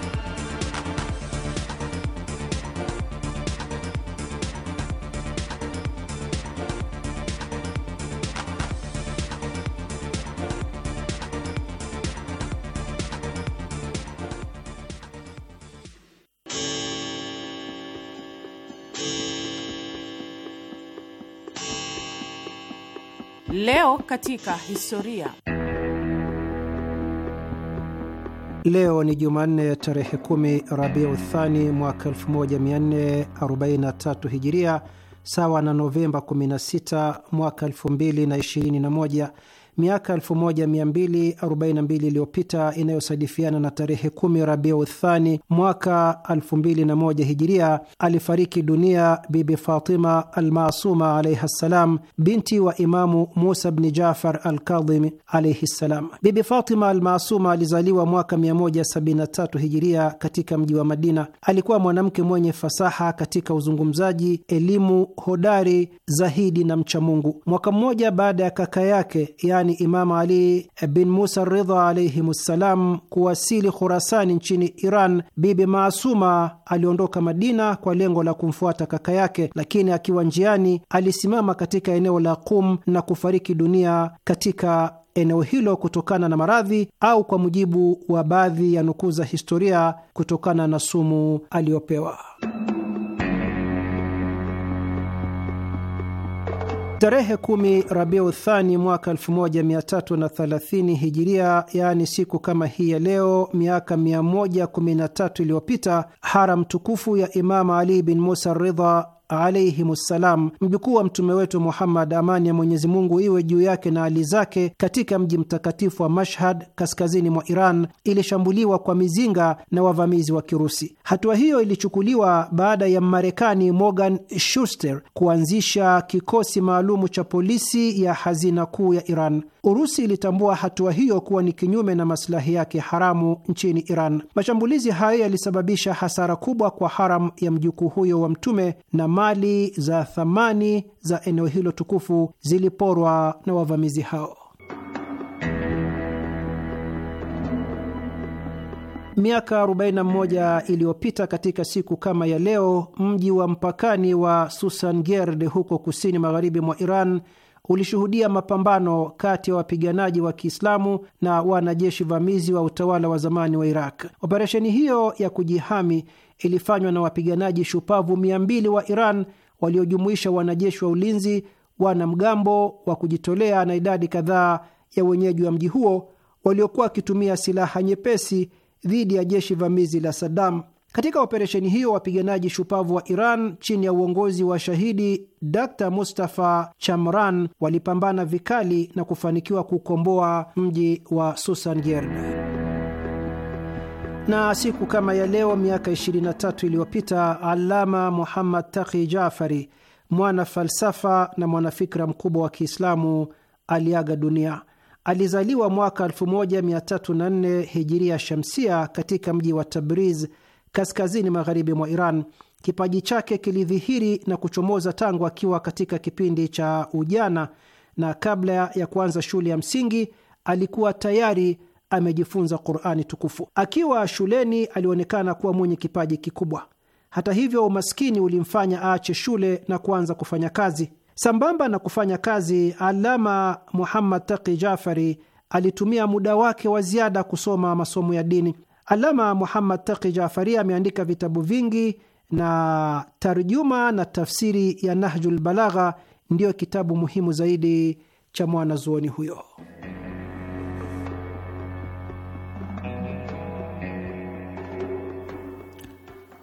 Leo katika historia. Leo ni Jumanne tarehe kumi Rabiu Thani mwaka 1443 Hijiria, sawa na Novemba 16 mwaka 2021 miaka 1242 iliyopita inayosadifiana na tarehe kumi Rabiu Thani mwaka 2001 Hijiria, alifariki dunia Bibi Fatima Almasuma alaihi ssalam, binti wa Imamu Musa bni Jafar Alkadhim alaihi ssalam. Bibi Fatima Almasuma alizaliwa mwaka 173 Hijiria katika mji wa Madina. Alikuwa mwanamke mwenye fasaha katika uzungumzaji, elimu, hodari, zahidi na mchamungu. Mwaka mmoja baada ya kaka yake yani Teherani Imamu Ali bin Musa Ridha alaihim ssalam kuwasili Khurasani nchini Iran, Bibi Maasuma aliondoka Madina kwa lengo la kumfuata kaka yake, lakini akiwa njiani alisimama katika eneo la Qum na kufariki dunia katika eneo hilo kutokana na maradhi au kwa mujibu wa baadhi ya nukuu za historia, kutokana na sumu aliyopewa. Tarehe kumi Rabiu Thani mwaka 1330 Hijiria, yaani siku kama hii ya leo miaka 113 iliyopita, haram tukufu ya imamu Ali bin Musa Ridha alaihimussalam, mjukuu wa mtume wetu Muhammad, amani ya Mwenyezi Mungu iwe juu yake na ali zake, katika mji mtakatifu wa Mashhad kaskazini mwa Iran ilishambuliwa kwa mizinga na wavamizi wa Kirusi. Hatua hiyo ilichukuliwa baada ya Mmarekani Morgan Shuster kuanzisha kikosi maalumu cha polisi ya hazina kuu ya Iran. Urusi ilitambua hatua hiyo kuwa ni kinyume na masilahi yake haramu nchini Iran. Mashambulizi hayo yalisababisha hasara kubwa kwa haram ya mjukuu huyo wa Mtume, na mali za thamani za eneo hilo tukufu ziliporwa na wavamizi hao. Miaka 41 iliyopita katika siku kama ya leo, mji wa mpakani wa Susangerd huko kusini magharibi mwa Iran ulishuhudia mapambano kati ya wapiganaji wa Kiislamu na wanajeshi vamizi wa utawala wa zamani wa Iraq. Operesheni hiyo ya kujihami ilifanywa na wapiganaji shupavu mia wa Iran waliojumuisha wanajeshi wa ulinzi, wanamgambo wa kujitolea na idadi kadhaa ya wenyeji wa mji huo waliokuwa wakitumia silaha nyepesi dhidi ya jeshi vamizi la sadam katika operesheni hiyo wapiganaji shupavu wa Iran chini ya uongozi wa shahidi Dr Mustafa Chamran walipambana vikali na kufanikiwa kukomboa mji wa Susanjerd na siku kama ya leo miaka 23 iliyopita Alama Muhammad Taqi Jafari, mwana falsafa na mwanafikra mkubwa wa Kiislamu aliaga dunia. Alizaliwa mwaka 1304 hijiria shamsia katika mji wa Tabriz kaskazini magharibi mwa Iran. Kipaji chake kilidhihiri na kuchomoza tangu akiwa katika kipindi cha ujana, na kabla ya kuanza shule ya msingi alikuwa tayari amejifunza Qurani tukufu. Akiwa shuleni alionekana kuwa mwenye kipaji kikubwa. Hata hivyo, umaskini ulimfanya aache shule na kuanza kufanya kazi. Sambamba na kufanya kazi, Alama Muhammad Taqi Jafari alitumia muda wake wa ziada kusoma masomo ya dini. Alama Muhammad Taqi Jafari ameandika vitabu vingi na tarjuma na tafsiri ya Nahjul Balagha ndiyo kitabu muhimu zaidi cha mwanazuoni huyo.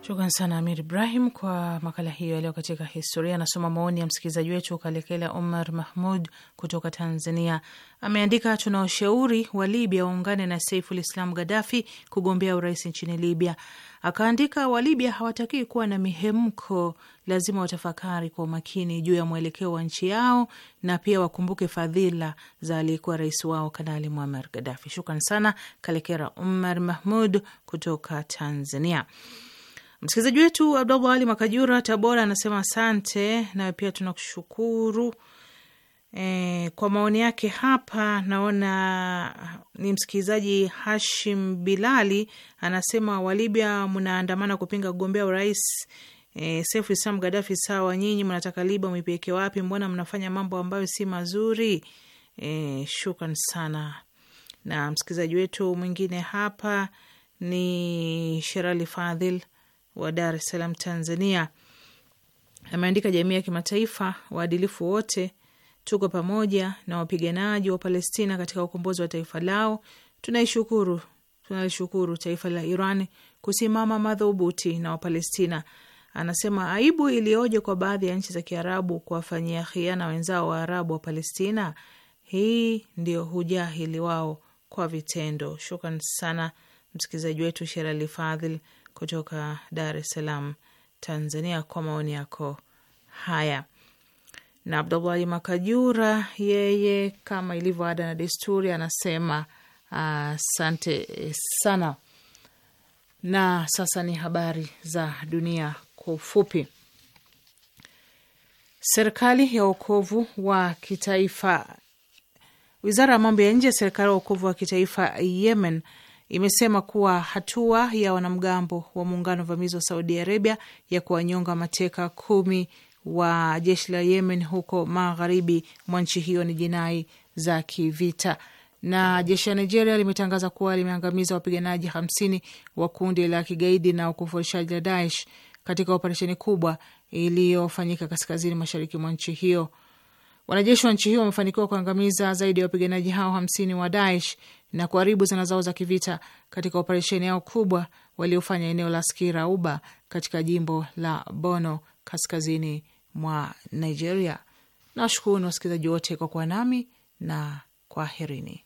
Shukran sana Amir Ibrahim kwa makala hiyo yaliyo katika historia. Anasoma maoni ya msikilizaji wetu Kalekela Omar Mahmud kutoka Tanzania. Ameandika, tunaoshauri wa Libya waungane na Saiful Islam Gaddafi kugombea urais nchini Libya. Akaandika, wa Libya hawatakii kuwa na mihemko, lazima watafakari kwa umakini juu ya mwelekeo wa nchi yao na pia wakumbuke fadhila za aliyekuwa rais wao Kanali Muammar Gaddafi. Shukran sana Kalekela Omar Mahmud kutoka Tanzania. Msikilizaji wetu Abdallah Ali Makajura Tabora anasema asante, nawe pia tunakushukuru e, kwa maoni yake. Hapa naona ni msikilizaji Hashim Bilali anasema Walibya mnaandamana kupinga kugombea urais e, Sefu Islam Gadafi. Sawa, nyinyi mnataka Liba mwipeke wapi? Mbona mnafanya mambo ambayo si mazuri? E, shukran sana. Na msikilizaji wetu mwingine hapa ni Sherali Fadhil wa Dar es Salaam, Tanzania, ameandika jamii ya kimataifa, waadilifu wote tuko pamoja na wapiganaji wa Palestina katika ukombozi wa taifa lao. Tunaishukuru, tunalishukuru taifa la Iran kusimama madhubuti na Wapalestina. Anasema aibu iliyoje kwa baadhi ya nchi za Kiarabu kuwafanyia khiana wenzao Waarabu wa Palestina. Hii ndio hujahili wao kwa vitendo. Shukran sana msikilizaji wetu Sherali Fadhil kutoka Dar es Salaam, Tanzania, kwa maoni yako haya. Na Abdullahi Makajura, yeye kama ilivyo ada na desturi, anasema asante uh, sana. Na sasa ni habari za dunia kwa ufupi. Serikali ya wokovu wa kitaifa, wizara ya mambo ya nje ya serikali ya wokovu wa kitaifa Yemen imesema kuwa hatua ya wanamgambo wa muungano vamizi wa Saudi Arabia ya kuwanyonga mateka kumi wa jeshi la Yemen huko magharibi mwa nchi hiyo ni jinai za kivita. Na jeshi la Nigeria limetangaza kuwa limeangamiza wapiganaji hamsini wa kundi la kigaidi na ukufurishaji la Daesh katika operesheni kubwa iliyofanyika kaskazini mashariki mwa nchi hiyo. Wanajeshi wa nchi hiyo wamefanikiwa kuangamiza zaidi ya wapiganaji hao hamsini wa Daesh na kuharibu zana zao za kivita katika operesheni yao kubwa waliofanya eneo la Skirauba katika jimbo la Bono kaskazini mwa Nigeria. nawashukuru ni wasikilizaji wote kwa kuwa nami na kwaherini.